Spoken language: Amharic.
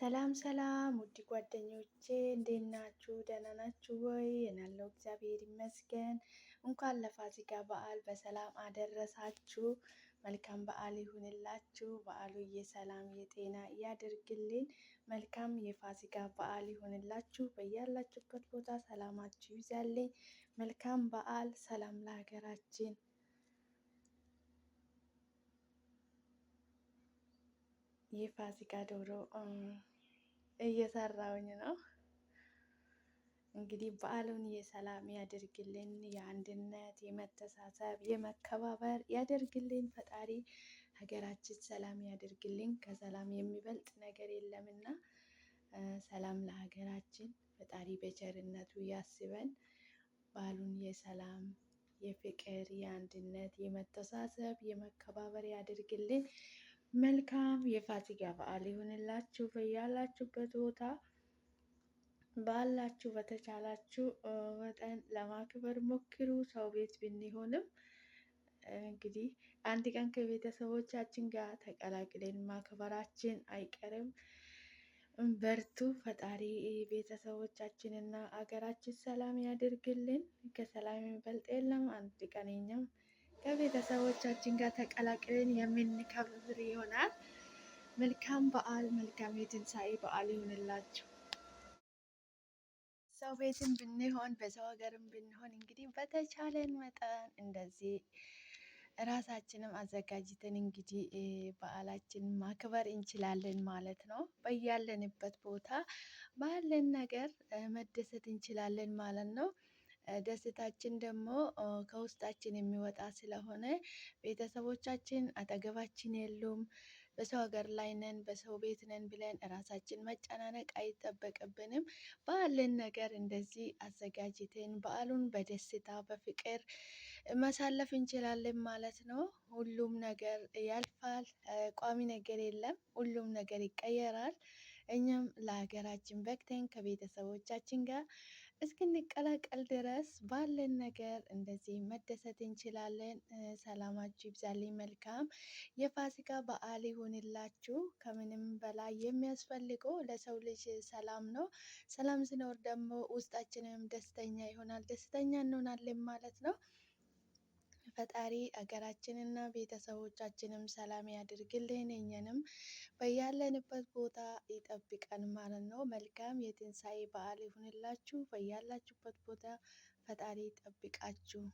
ሰላም ሰላም ውድ ጓደኞቼ እንዴት ናችሁ? ደህና ናችሁ ወይ? እናለው እግዚአብሔር ይመስገን። እንኳን ለፋሲካ በዓል በሰላም አደረሳችሁ። መልካም በዓል ይሁንላችሁ። በዓሉ የሰላም የጤና እያድርግልን። መልካም የፋሲካ በዓል ይሁንላችሁ። በያላችሁበት ቦታ ሰላማችሁ ይዛልኝ። መልካም በዓል። ሰላም ለሀገራችን የፋሲካ ዶሮ እየሰራውኝ ነው። እንግዲህ በዓሉን የሰላም ያደርግልን፣ የአንድነት፣ የመተሳሰብ፣ የመከባበር ያደርግልን ፈጣሪ። ሀገራችን ሰላም ያደርግልን። ከሰላም የሚበልጥ ነገር የለምና ሰላም ለሀገራችን ፈጣሪ በቸርነቱ ያስበን። በዓሉን የሰላም የፍቅር፣ የአንድነት፣ የመተሳሰብ፣ የመከባበር ያደርግልን። መልካም የፋሲካ በዓል ይሁንላችሁ። በያላችሁበት ቦታ ባላችሁ በተቻላችሁ መጠን ለማክበር ሞክሩ። ሰው ቤት ብንሆንም እንግዲህ አንድ ቀን ከቤተሰቦቻችን ጋር ተቀላቅለን ማክበራችን አይቀርም። በርቱ። ፈጣሪ ቤተሰቦቻችንና አገራችን ሰላም ያድርግልን። ከሰላም የሚበልጥ የለም። አንድ ቀን እኛም ከቤተሰቦቻችን ጋር ተቀላቅለን የምንከብር ይሆናል። መልካም በዓል፣ መልካም የትንሣኤ በዓል ይሆንላችሁ። ሰው ቤትም ብንሆን በሰው ሀገርም ብንሆን እንግዲህ በተቻለን መጠን እንደዚህ ራሳችንም አዘጋጅተን እንግዲህ በዓላችንን ማክበር እንችላለን ማለት ነው። በያለንበት ቦታ ባለን ነገር መደሰት እንችላለን ማለት ነው። ደስታችን ደግሞ ከውስጣችን የሚወጣ ስለሆነ ቤተሰቦቻችን አጠገባችን የሉም፣ በሰው ሀገር ላይ ነን፣ በሰው ቤት ነን ብለን ራሳችን መጨናነቅ አይጠበቅብንም። ባለን ነገር እንደዚህ አዘጋጅተን በዓሉን በደስታ በፍቅር መሳለፍ እንችላለን ማለት ነው። ሁሉም ነገር ያልፋል። ቋሚ ነገር የለም። ሁሉም ነገር ይቀየራል። እኛም ለሀገራችን በቅተን ከቤተሰቦቻችን ጋር እስክንቀላቀል ድረስ ባለን ነገር እንደዚህ መደሰት እንችላለን። ሰላማችሁ ይብዛልኝ። መልካም የፋሲካ በዓል ይሁንላችሁ። ከምንም በላይ የሚያስፈልገው ለሰው ልጅ ሰላም ነው። ሰላም ሲኖር ደግሞ ውስጣችንም ደስተኛ ይሆናል፣ ደስተኛ እንሆናለን ማለት ነው። ፈጣሪ አገራችንና ቤተሰቦቻችንም ሰላም ያድርግልን፣ እኛንም በያለንበት ቦታ ይጠብቀን ማለት ነው። መልካም የትንሣኤ በዓል ይሁንላችሁ። በያላችሁበት ቦታ ፈጣሪ ይጠብቃችሁ።